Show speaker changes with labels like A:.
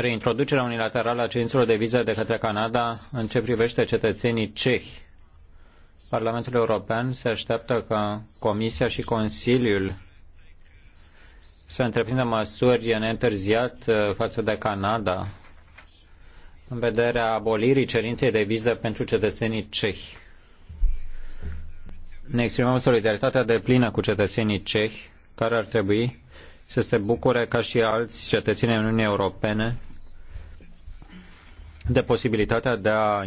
A: reintroducerea unilaterală a cerințelor de viză de către Canada în ce privește cetățenii cehi. Parlamentul European se așteaptă ca Comisia și Consiliul să întreprindă măsuri neîntârziat uh, față de Canada în vederea abolirii cerinței de viză pentru cetățenii cehi. Ne exprimăm solidaritatea de plină cu cetățenii cehi care ar trebui să se bucure ca și alți cetățeni ai Uniunii Europene de posibilitatea de
B: a